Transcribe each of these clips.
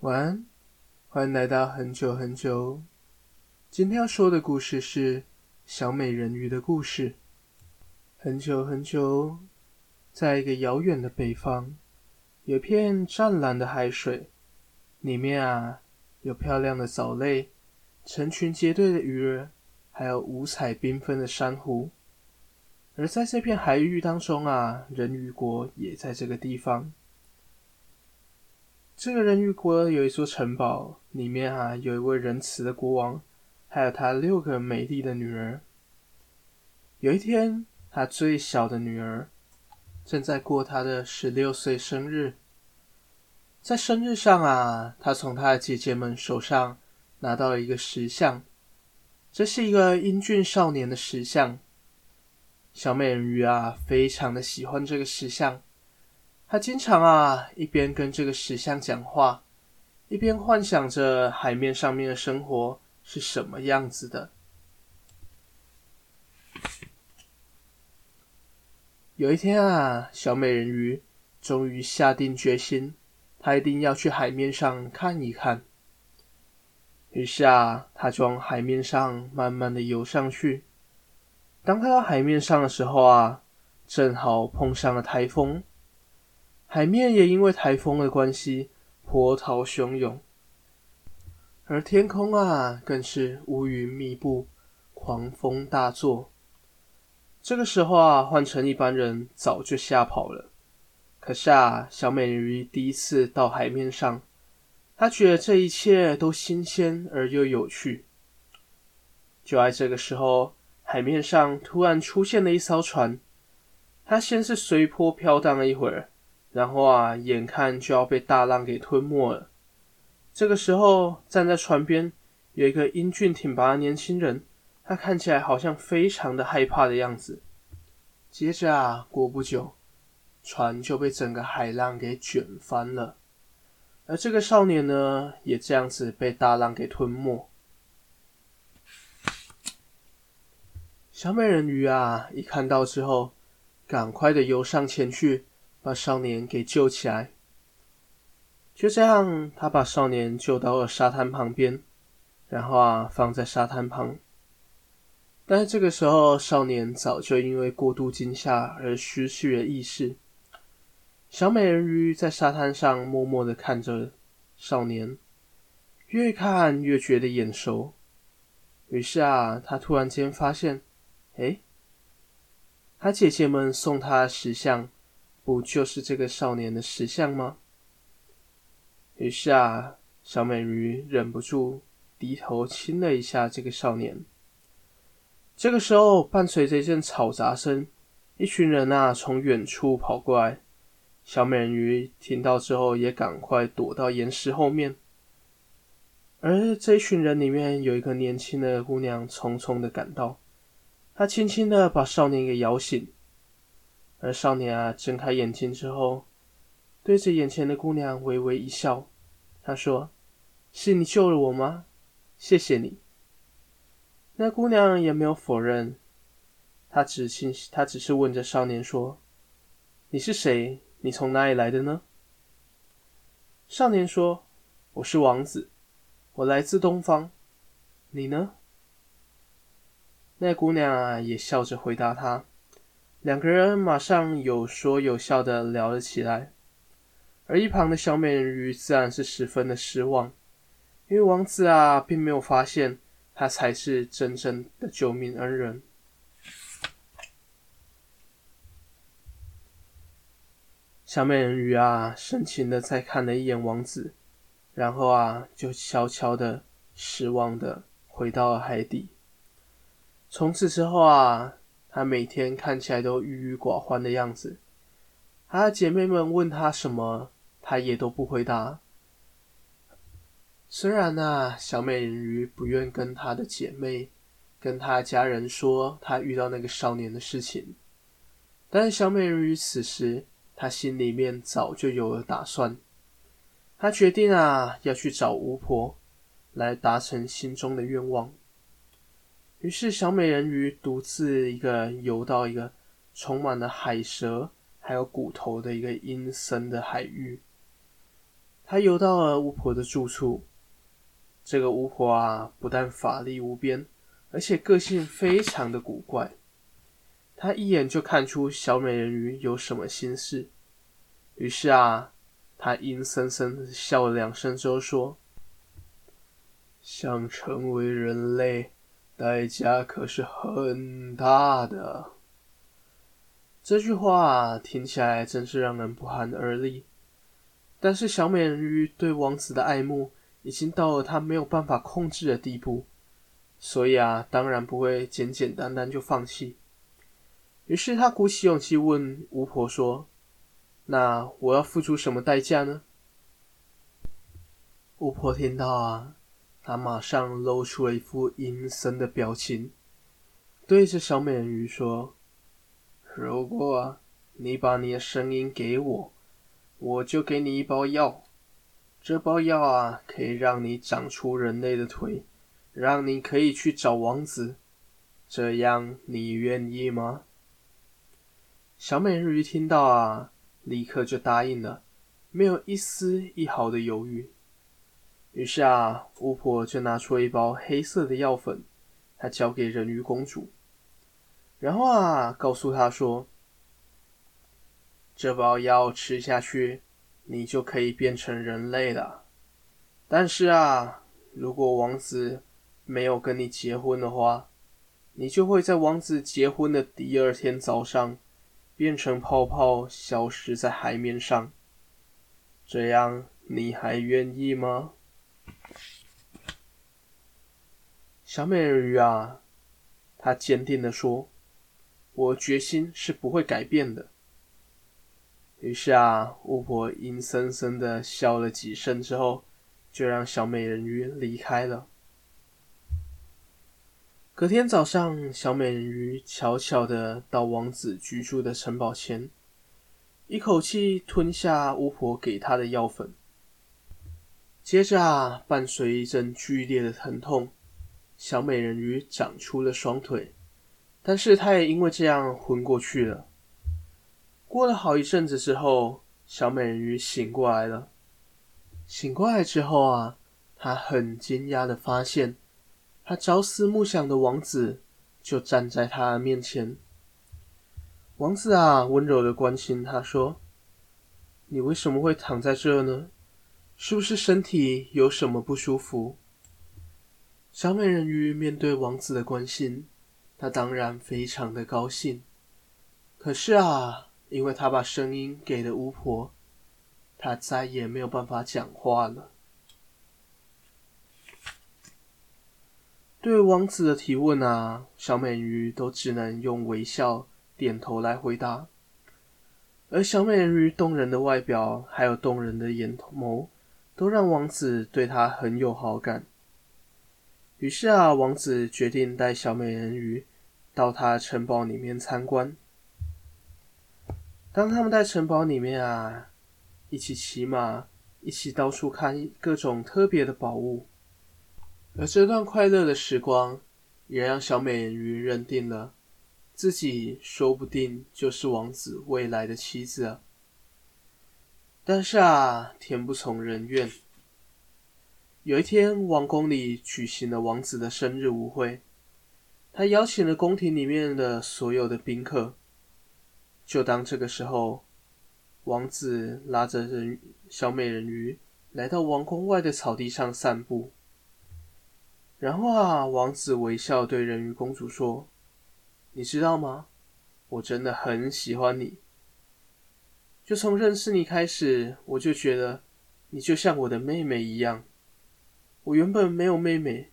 晚安，歡迎來到很久很久。今天要說的故事是《小美人魚》的故事。很久很久，在一個遙遠的北方，有片湛藍的海水，裡面啊有漂亮的藻類，成群結隊的魚，還有五彩繽紛的珊瑚。而在這片海域當中啊，人魚國也在這個地方。這個人魚國有一座城堡，裡面啊有一位仁慈的國王，還有他六個美麗的女兒。有一天，他最小的女兒正在過她的十六歲生日。在生日上啊，她從她的姐姐們手上拿到了一個石像，這是一個英俊少年的石像。小美人魚啊，非常的喜歡這個石像。他經常啊，一邊跟這個石像講話，一邊幻想着海面上面的生活是什麼樣子的。有一天啊，小美人魚終於下定決心，她一定要去海面上看一看。於是啊，她就往海面上慢慢的游上去。當她到海面上的時候啊，正好碰上了台風。海面也因為颱風的關係，波濤洶湧，而天空啊更是烏雲密佈，狂風大作。這個時候啊，換成一般人早就嚇跑了。可是啊，小美人魚第一次到海面上，她覺得這一切都新鮮而又有趣。就在這個時候，海面上突然出現了一艘船，她先是隨波飄蕩了一會兒。然後啊，眼看就要被大浪給吞沒了。這個時候，站在船邊有一個英俊挺拔的年輕人，他看起來好像非常的害怕的樣子。接着啊，過不久，船就被整個海浪給捲翻了，而這個少年呢，也這樣子被大浪給吞沒。小美人魚啊，一看到之後，趕快的游上前去。把少年給救起來，就這樣，他把少年救到了沙灘旁邊，然後啊，放在沙灘旁。但是這個時候，少年早就因為過度驚嚇而失去了意識。小美人魚在沙灘上默默地看着少年，越看越覺得眼熟。於是啊，她突然間發現，誒、欸，她姐姐們送她的石像。不就是這個少年的石像嗎？於是啊，小美人魚忍不住低頭親了一下這個少年。這個時候，伴隨着一陣嘈雜聲，一群人啊從遠處跑過來。小美人魚聽到之後，也趕快躲到岩石後面。而這群人裡面有一個年輕的姑娘，匆匆的趕到，她輕輕的把少年給搖醒。而少年啊，睜開眼睛之後，對着眼前的姑娘微微一笑，他說：“是你救了我嗎？謝謝你。”那姑娘也沒有否認，她只輕，她只是問着少年說：“你是誰？你從哪裡來的呢？”少年說：“我是王子，我來自東方。你呢？”那姑娘啊，也笑着回答他。兩個人馬上有說有笑的聊了起來，而一旁的小美人魚自然是十分的失望，因為王子啊並沒有發現他才是真正的救命恩人。小美人魚啊，深情的再看了一眼王子，然後啊，就悄悄的失望的回到了海底。從此之後啊。她每天看起來都鬱鬱寡歡的樣子，她的姐妹們問她什麼，她也都不回答。雖然啊，小美人魚不願跟她的姐妹、跟她家人說她遇到那個少年的事情，但是小美人魚此時，她心裡面早就有了打算。她決定啊，要去找巫婆，來達成心中的願望。於是，小美人魚獨自一個游到一個充滿了海蛇、還有骨頭的一個陰森的海域。她游到了巫婆的住處。這個巫婆啊，不但法力無邊，而且個性非常的古怪。她一眼就看出小美人魚有什麼心事。於是啊，她陰森森的笑了兩聲，之後說：“想成為人類。”代價可是很大的，這句話啊，聽起來真是讓人不寒而栗。但是小美人魚對王子的愛慕已經到了她沒有辦法控制的地步，所以啊，當然不會簡簡單單就放棄。於是她鼓起勇氣問巫婆說：“那我要付出什麼代價呢？”巫婆聽到啊。他馬上露出了一副陰森的表情，對着小美人魚說：“如果啊，你把你的聲音給我，我就給你一包藥。這包藥啊，可以讓你長出人類的腿，讓你可以去找王子。這樣你願意嗎？”小美人魚聽到啊，立刻就答應了，沒有一絲一毫的猶豫。於是啊，巫婆就拿出一包黑色的藥粉，她交給人魚公主，然後啊，告訴她說：“這包藥吃下去，你就可以變成人類了。但是啊，如果王子沒有跟你結婚的話，你就會在王子結婚的第二天早上變成泡泡，消失在海面上。這樣你還願意嗎？”小美人魚啊，她堅定的說：“我決心是不會改變的。”於是啊，巫婆陰森森的笑了幾聲之後，就讓小美人魚離開了。隔天早上，小美人魚悄悄的到王子居住的城堡前，一口氣吞下巫婆給她的藥粉，接着啊，伴隨一陣劇烈的疼痛。小美人魚長出了雙腿，但是她也因為這樣昏過去了。過了好一陣子之後，小美人魚醒過來了。醒過來之後啊，她很驚訝的發現，她朝思暮想的王子就站在她面前。王子啊，溫柔的關心她說：“你為什麼會躺在這兒呢？是不是身體有什麼不舒服？”小美人魚面對王子的關心，她當然非常的高興。可是啊，因為她把聲音給了巫婆，她再也沒有辦法講話了。對王子的提問啊，小美人魚都只能用微笑、點頭來回答。而小美人魚動人的外表，還有動人的眼眸，都讓王子對她很有好感。於是啊，王子決定帶小美人魚到他城堡裡面參觀。當他們在城堡裡面啊，一起騎馬，一起到處看各種特別的寶物，而這段快樂的時光也讓小美人魚認定了自己說不定就是王子未來的妻子啊。但是啊，天不從人願。有一天，王宮裡舉行了王子的生日舞會，他邀請了宮廷裡面的所有的賓客。就當這個時候，王子拉着人小美人魚來到王宮外的草地上散步。然後啊，王子微笑對人魚公主說：“你知道嗎？我真的很喜歡你。就從認識你開始，我就覺得你就像我的妹妹一樣。”我原本沒有妹妹，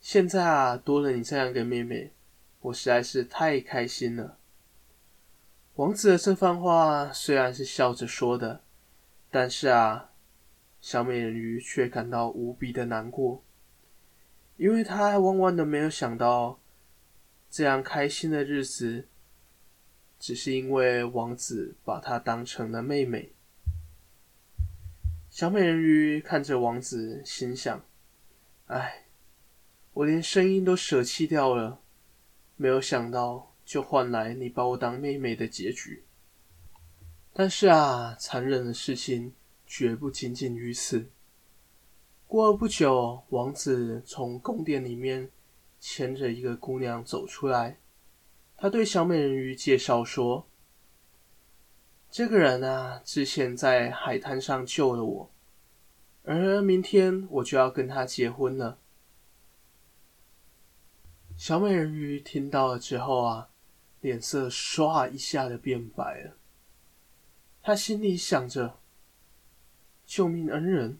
現在啊，多了你這樣一個妹妹，我實在是太開心了。王子的這番話雖然是笑着說的，但是啊，小美人魚卻感到無比的難過，因為她萬萬的沒有想到，這樣開心的日子，只是因為王子把她當成了妹妹。小美人魚看着王子，心想。唉，我連聲音都捨棄掉了，沒有想到就換來你把我當妹妹的結局。但是啊，殘忍的事情絕不僅僅於此。過了不久，王子從宮殿裡面牽着一個姑娘走出來，他對小美人魚介紹說：“這個人啊，之前在海灘上救了我。”而明天我就要跟他結婚了。小美人魚聽到了之後啊，臉色唰一下的變白了。他心裡想着：“救命恩人，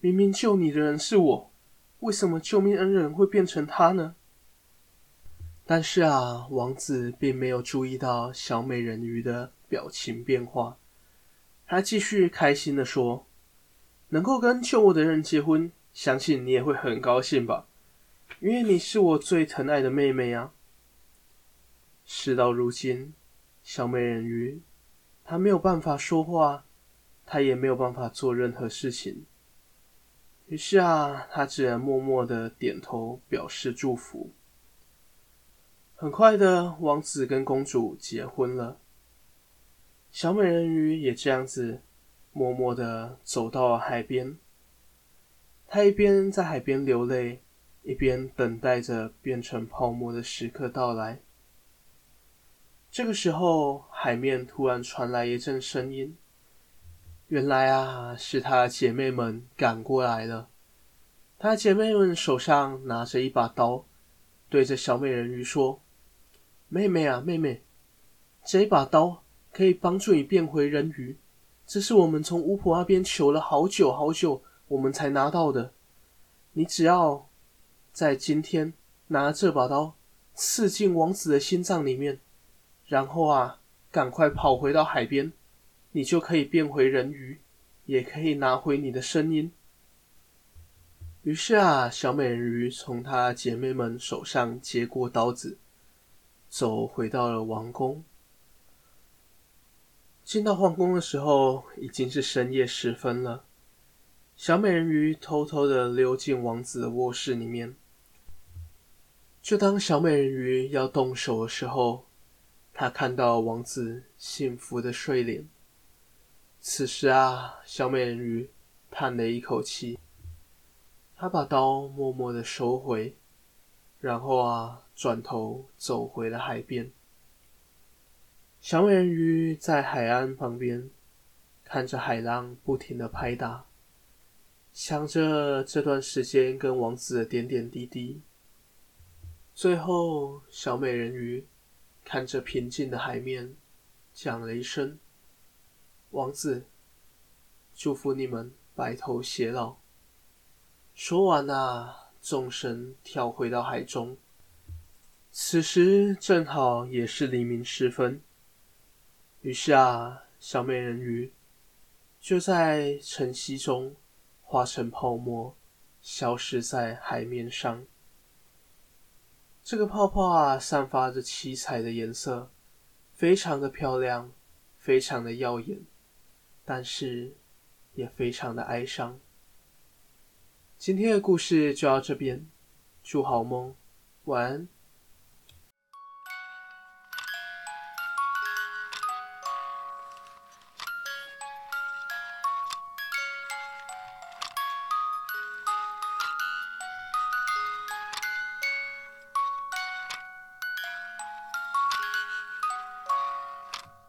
明明救你的人是我，為什麼救命恩人會變成他呢？”但是啊，王子並沒有注意到小美人魚的表情變化，他繼續開心的說。能夠跟救我的人結婚，相信你也會很高興吧？因為你是我最疼愛的妹妹啊。事到如今，小美人魚她沒有辦法說話，她也沒有辦法做任何事情，於是啊，她只能默默的點頭表示祝福。很快的，王子跟公主結婚了，小美人魚也這樣子。默默的走到了海邊，他一邊在海邊流淚，一邊等待着變成泡沫的時刻到來。這個時候，海面突然傳來一陣聲音。原來啊，是他的姐妹們趕過來了。他的姐妹們手上拿着一把刀，對着小美人魚說：“妹妹啊，妹妹，這一把刀可以幫助你變回人魚。”這是我們從巫婆那邊求了好久好久，我們才拿到的。你只要在今天拿這把刀刺進王子的心臟裡面，然後啊，趕快跑回到海邊，你就可以變回人魚，也可以拿回你的聲音。於是啊，小美人魚從她姐妹們手上接過刀子，走回到了王宮。進到皇宮的時候，已經是深夜時分了。小美人魚偷偷的溜進王子的臥室裡面。就當小美人魚要動手的時候，他看到王子幸福的睡臉。此時啊，小美人魚嘆了一口氣，他把刀默默的收回，然後啊，轉頭走回了海邊。小美人魚在海岸旁邊，看着海浪不停的拍打，想着這段時間跟王子的點點滴滴。最後，小美人魚看着平靜的海面，講了一聲：“王子，祝福你們白頭偕老。”說完啊，縱身跳回到海中。此時正好也是黎明時分。於是啊，小美人魚就在晨曦中化成泡沫，消失在海面上。這個泡泡啊，散發着七彩的顏色，非常的漂亮，非常的耀眼，但是也非常的哀傷。今天的故事就到這邊，祝好夢，晚安。